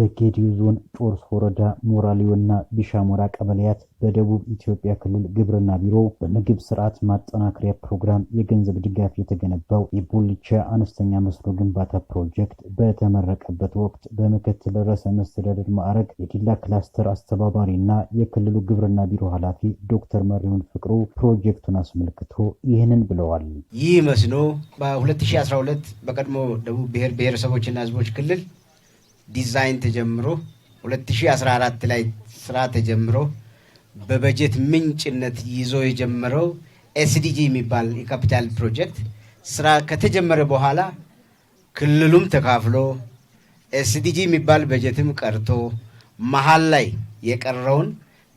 በጌዲዮ ዞን ጮርስ ወረዳ ሞራልዮና ቢሻሞራ ቀበሌያት በደቡብ ኢትዮጵያ ክልል ግብርና ቢሮ በምግብ ስርዓት ማጠናከሪያ ፕሮግራም የገንዘብ ድጋፍ የተገነባው የቦልቻ አነስተኛ መስኖ ግንባታ ፕሮጀክት በተመረቀበት ወቅት በምክትል ርዕሰ መስተዳደር ማዕረግ የዲላ ክላስተር አስተባባሪና የክልሉ ግብርና ቢሮ ኃላፊ ዶክተር መሪሁን ፍቅሩ ፕሮጀክቱን አስመልክቶ ይህንን ብለዋል። ይህ መስኖ በ2012 በቀድሞ ደቡብ ብሔር ብሔረሰቦችና ህዝቦች ክልል ዲዛይን ተጀምሮ 2014 ላይ ስራ ተጀምሮ በበጀት ምንጭነት ይዞ የጀመረው ኤስዲጂ የሚባል የካፒታል ፕሮጀክት ስራ ከተጀመረ በኋላ ክልሉም ተካፍሎ ኤስዲጂ የሚባል በጀትም ቀርቶ መሀል ላይ የቀረውን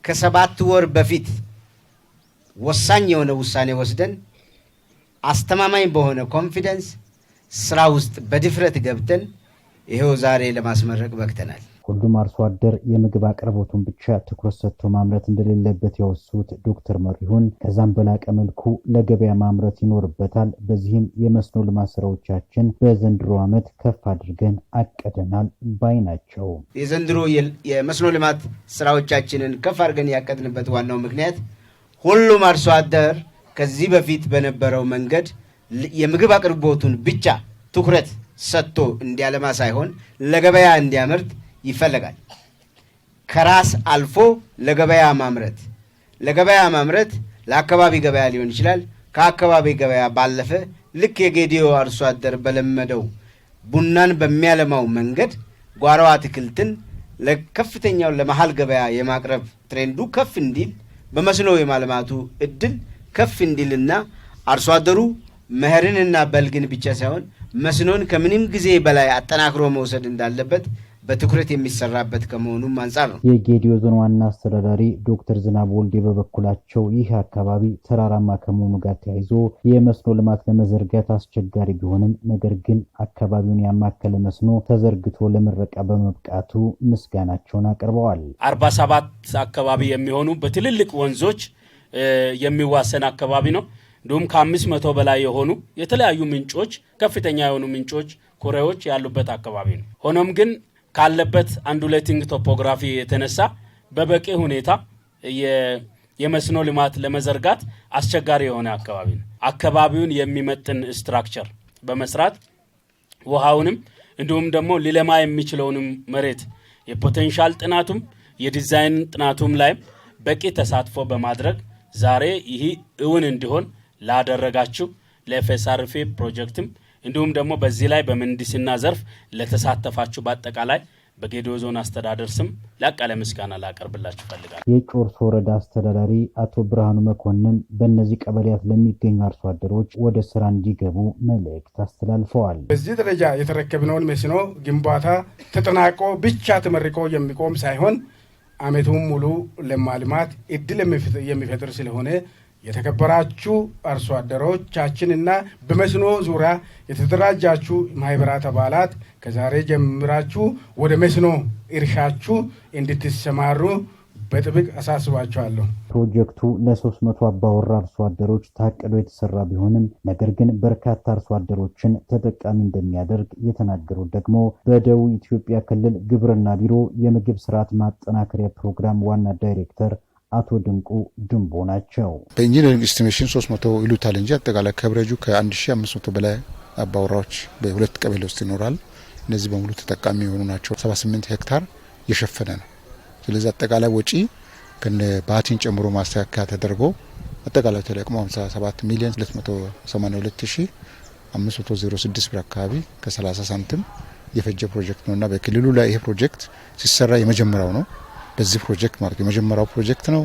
ከሰባት ወር በፊት ወሳኝ የሆነ ውሳኔ ወስደን አስተማማኝ በሆነ ኮንፊደንስ ስራ ውስጥ በድፍረት ገብተን ይኸው ዛሬ ለማስመረቅ በክተናል። ሁሉም አርሶ አደር የምግብ አቅርቦቱን ብቻ ትኩረት ሰጥቶ ማምረት እንደሌለበት ያወሱት ዶክተር መሪሁን ከዛም በላቀ መልኩ ለገበያ ማምረት ይኖርበታል። በዚህም የመስኖ ልማት ስራዎቻችን በዘንድሮ ዓመት ከፍ አድርገን አቀደናል ባይ ናቸው። የዘንድሮ የመስኖ ልማት ስራዎቻችንን ከፍ አድርገን ያቀድንበት ዋናው ምክንያት ሁሉም አርሶ አደር ከዚህ በፊት በነበረው መንገድ የምግብ አቅርቦቱን ብቻ ትኩረት ሰጥቶ እንዲያለማ ሳይሆን ለገበያ እንዲያመርት ይፈለጋል። ከራስ አልፎ ለገበያ ማምረት ለገበያ ማምረት ለአካባቢ ገበያ ሊሆን ይችላል። ከአካባቢ ገበያ ባለፈ ልክ የጌዲዮ አርሶ አደር በለመደው ቡናን በሚያለማው መንገድ ጓሮ አትክልትን ለከፍተኛው ለመሀል ገበያ የማቅረብ ትሬንዱ ከፍ እንዲል በመስኖ የማልማቱ እድል ከፍ እንዲልና አርሶ አደሩ መኸርንና በልግን ብቻ ሳይሆን መስኖን ከምንም ጊዜ በላይ አጠናክሮ መውሰድ እንዳለበት በትኩረት የሚሰራበት ከመሆኑም አንጻር ነው። የጌዲዮ ዞን ዋና አስተዳዳሪ ዶክተር ዝናብ ወልዴ በበኩላቸው ይህ አካባቢ ተራራማ ከመሆኑ ጋር ተያይዞ የመስኖ ልማት ለመዘርጋት አስቸጋሪ ቢሆንም ነገር ግን አካባቢውን ያማከለ መስኖ ተዘርግቶ ለምረቃ በመብቃቱ ምስጋናቸውን አቅርበዋል። አርባ ሰባት አካባቢ የሚሆኑ በትልልቅ ወንዞች የሚዋሰን አካባቢ ነው። እንዲሁም ከአምስት መቶ በላይ የሆኑ የተለያዩ ምንጮች ከፍተኛ የሆኑ ምንጮች ኩሬዎች ያሉበት አካባቢ ነው። ሆኖም ግን ካለበት አንዱሌቲንግ ቶፖግራፊ የተነሳ በበቂ ሁኔታ የመስኖ ልማት ለመዘርጋት አስቸጋሪ የሆነ አካባቢ ነው። አካባቢውን የሚመጥን ስትራክቸር በመስራት ውሃውንም እንዲሁም ደግሞ ሊለማ የሚችለውንም መሬት የፖቴንሻል ጥናቱም የዲዛይን ጥናቱም ላይም በቂ ተሳትፎ በማድረግ ዛሬ ይህ እውን እንዲሆን ላደረጋችሁ ለኤፍኤስአርፌ ፕሮጀክትም እንዲሁም ደግሞ በዚህ ላይ በምህንድስና ዘርፍ ለተሳተፋችሁ በአጠቃላይ በጌዲዮ ዞን አስተዳደር ስም ላቅ ምስጋና ላቀርብላችሁ ፈልጋል። የጮርሶ ወረዳ አስተዳዳሪ አቶ ብርሃኑ መኮንን በእነዚህ ቀበሌያት ለሚገኙ አርሶ አደሮች ወደ ስራ እንዲገቡ መልእክት አስተላልፈዋል። በዚህ ደረጃ የተረከብነውን መስኖ ግንባታ ተጠናቆ ብቻ ተመርቆ የሚቆም ሳይሆን አመቱን ሙሉ ለማልማት እድል የሚፈጥር ስለሆነ የተከበራችሁ አርሶ አደሮቻችንና በመስኖ ዙሪያ የተደራጃችሁ ማህበራት አባላት ከዛሬ ጀምራችሁ ወደ መስኖ እርሻችሁ እንድትሰማሩ በጥብቅ አሳስባችኋለሁ። ፕሮጀክቱ ለሶስት መቶ አባወራ አርሶ አደሮች ታቅዶ የተሰራ ቢሆንም ነገር ግን በርካታ አርሶ አደሮችን ተጠቃሚ እንደሚያደርግ የተናገሩት ደግሞ በደቡብ ኢትዮጵያ ክልል ግብርና ቢሮ የምግብ ስርዓት ማጠናከሪያ ፕሮግራም ዋና ዳይሬክተር አቶ ድንቁ ድንቦ ናቸው። በኢንጂነሪንግ ኤስቲሜሽን 300 ይሉታል እንጂ አጠቃላይ ከብረጁ ከ1500 በላይ አባወራዎች በሁለት ቀበሌ ውስጥ ይኖራል። እነዚህ በሙሉ ተጠቃሚ የሆኑ ናቸው። 78 ሄክታር የሸፈነ ነው። ስለዚህ አጠቃላይ ወጪ ከነ ባቲን ጨምሮ ማስተካከያ ተደርጎ አጠቃላይ ተለቅሞ 57 ሚሊዮን 282506 ብር አካባቢ ከ30 ሳንቲም የፈጀ ፕሮጀክት እና በክልሉ ላይ ይህ ፕሮጀክት ሲሰራ የመጀመሪያው ነው። በዚህ ፕሮጀክት ማለት የመጀመሪያው ፕሮጀክት ነው።